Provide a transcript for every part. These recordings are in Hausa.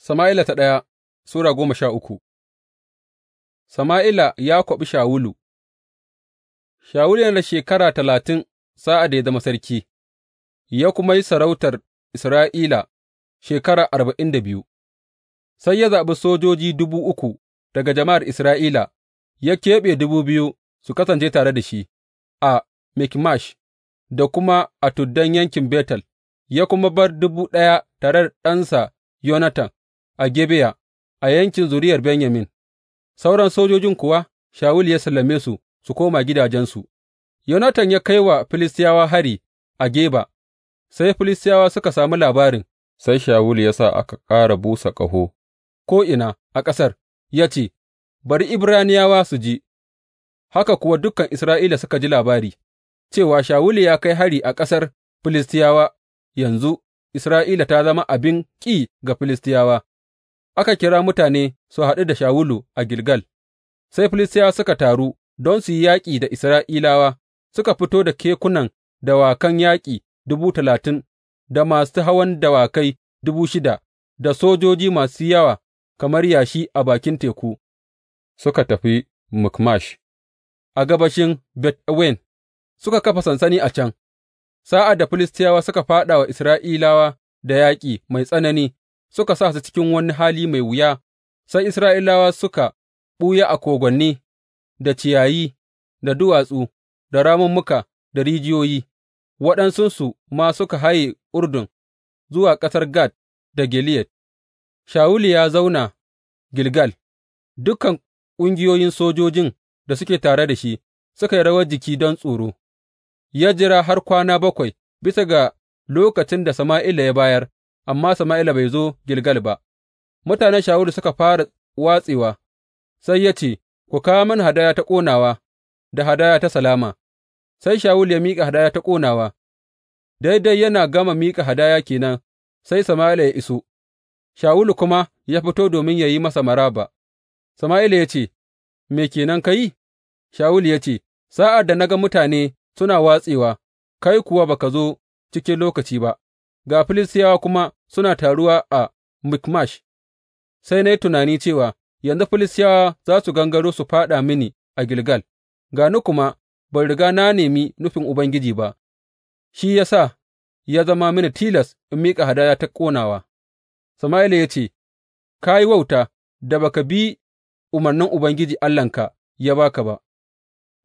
Sama'ila ta ɗaya Sura goma sha uku Sama'ila ya kwaɓi Shawulu Shawulu yana da shekara talatin sa'ad da ya zama sarki, ya kuma yi sarautar Isra'ila shekara arba'in da biyu, sai ya zaɓi sojoji dubu uku daga jama'ar Isra'ila, ya keɓe dubu biyu su kasance tare da shi a Mikmash da kuma a tuddan yankin Betel, ya kuma bar dubu ɗaya tare da ɗansa Yonatan. a Gibeya a yankin zuriyar Benyamin, sauran sojojin kuwa Shawulu ya sallame su su koma gidajensu, Yonatan ya kai wa Filistiyawa hari a Geba, sai Filistiyawa suka sami labarin, sai Shawulu ya sa aka ƙara busa ƙaho ko'ina a ƙasar, ya ce, Bari Ibraniyawa su ji, haka kuwa dukan Isra'ila suka ji labari, cewa Shawulu ya kai hari a ƙasar Filistiyawa yanzu Isra'ila ta zama abin ƙi ga Filistiyawa. aka kira mutane su haɗu da Shawulu a Gilgal, sai Filistiyawa suka taru don su yi yaƙi da Isra'ilawa, suka fito da kekunan dawakan yaƙi dubu talatin, da masu hawan dawakai dubu shida, da sojoji masu yawa kamar yashi a bakin teku, suka tafi Mikmash a gabashin Bet Awen, suka kafa sansani a can. Sa'ad da Filistiyawa suka fāɗa wa Isra'ilawa da yaƙi mai tsanani, suka sa su cikin wani hali mai wuya, sai Isra'ilawa suka ɓuya a kogwanni, da ciyayi, da duwatsu, da ramummuka, da rijiyoyi, waɗansunsu ma suka haye Urdun zuwa ƙasar Gad da Gileyad. Shawulu ya zauna Gilgal, dukan ƙungiyoyin sojojin da suke tare da shi suka yi rawar jiki don tsoro, ya jira har kwana bakwai bisa ga lokacin da Sama'ila ya bayar amma Sama'ila bai zo Gilgal ba, mutanen Shawulu suka fara watsewa, sai ya ce, Ku kawo mini hadaya ta ƙonawa da hadaya ta salama, sai Shawulu ya miƙa hadaya ta ƙonawa, daidai yana gama miƙa hadaya kenan sai Sama'ila ya iso, Shawulu kuma ya fito domin ya yi masa maraba. Sama'ila ya ce, Me kenan ka yi? Shawulu ya ce, Sa'ad da na ga mutane suna watsewa, kai kuwa ba ka zo cikin lokaci ba, ga Filistiyawa kuma suna taruwa a Mikmash, sai na yi tunani cewa, Yanzu Filistiyawa za su gangaro su fāɗa mini a Gilgal, ga ni kuma ban riga na nemi nufin Ubangiji ba, shi ya sa ya zama mini tilas in miƙa hadaya ta ƙonawa. Sama'ila ya ce, Ka yi wauta da ba ka bi umarnin Ubangiji Allahnka ya baka ba,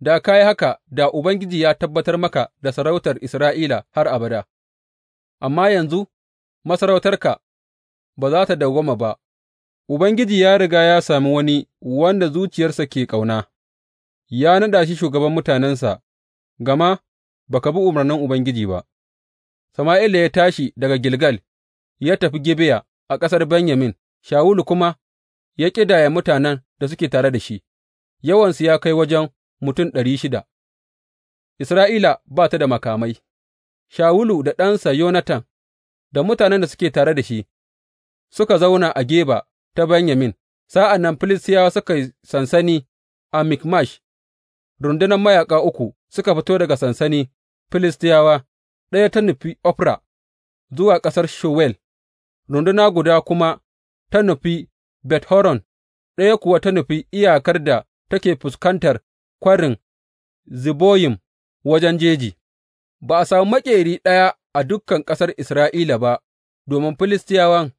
da ka yi haka da Ubangiji ya tabbatar maka da sarautar Isra'ila har abada. amma yanzu masarautarka ba za ta dawwama ba, Ubangiji ya riga ya sami wani wanda zuciyarsa ke ƙauna, ya naɗa shi shugaban mutanensa, gama ba ka bi umarnin Ubangiji ba. Sama'ila ya tashi daga Gilgal, ya tafi Gibeya a ƙasar Benyamin, Shawulu kuma ya ƙidaya mutanen da suke tare da shi, yawansu ya kai wajen mutum ɗari shida. Isra'ila ba ta da makamai Shawulu da ɗansa Yonatan da mutanen da suke tare da shi suka zauna a Geba ta Benyamin, sa'an nan Filistiyawa suka yi sansani a Mikmash, rundunar mayaƙa uku suka fito daga sansani Filistiyawa, ɗaya ta nufi Ofra zuwa ƙasar Shuwal, runduna guda kuma ta nufi Bet Horon, ɗaya kuwa ta nufi iyakar da take fuskantar Kwarin Ziboyim wajen jeji. ba a sami maƙeri ɗaya a dukan ƙasar Isra'ila ba, domin Filistiyawan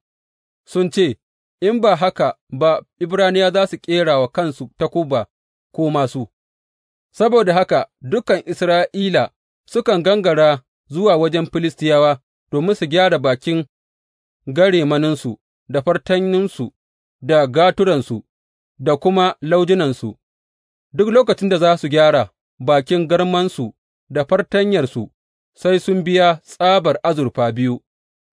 sun ce, In ba haka ba, Ibraniya za su ƙera wa kansu takuba ko masu. Saboda haka dukan Isra'ila sukan gangara zuwa wajen Filistiyawa domin su gyara bakin garemaninsu da fartanunsu da gaturansu da kuma laujunansu, duk lokacin da za su gyara bakin garmansu da fartanyarsu sai sun biya tsabar azurfa biyu,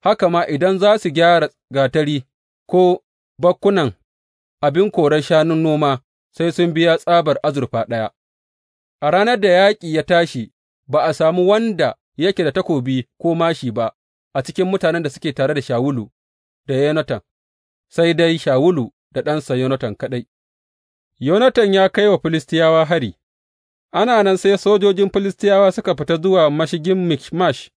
haka ma idan za su gyara gatari ko bakkunan abin korar shanun noma, sai sun biya tsabar azurfa ɗaya. A ranar da yaƙi ya tashi, ba a sami wanda yake da takobi ko mashi ba a cikin mutanen da suke tare da Shawulu da Yonatan, sai dai Shawulu da ɗansa Yonatan kaɗai. Yonatan ya kai wa Filistiyawa hari, Ana nan sai sojojin Filistiyawa suka fita zuwa mashigin Mikmash.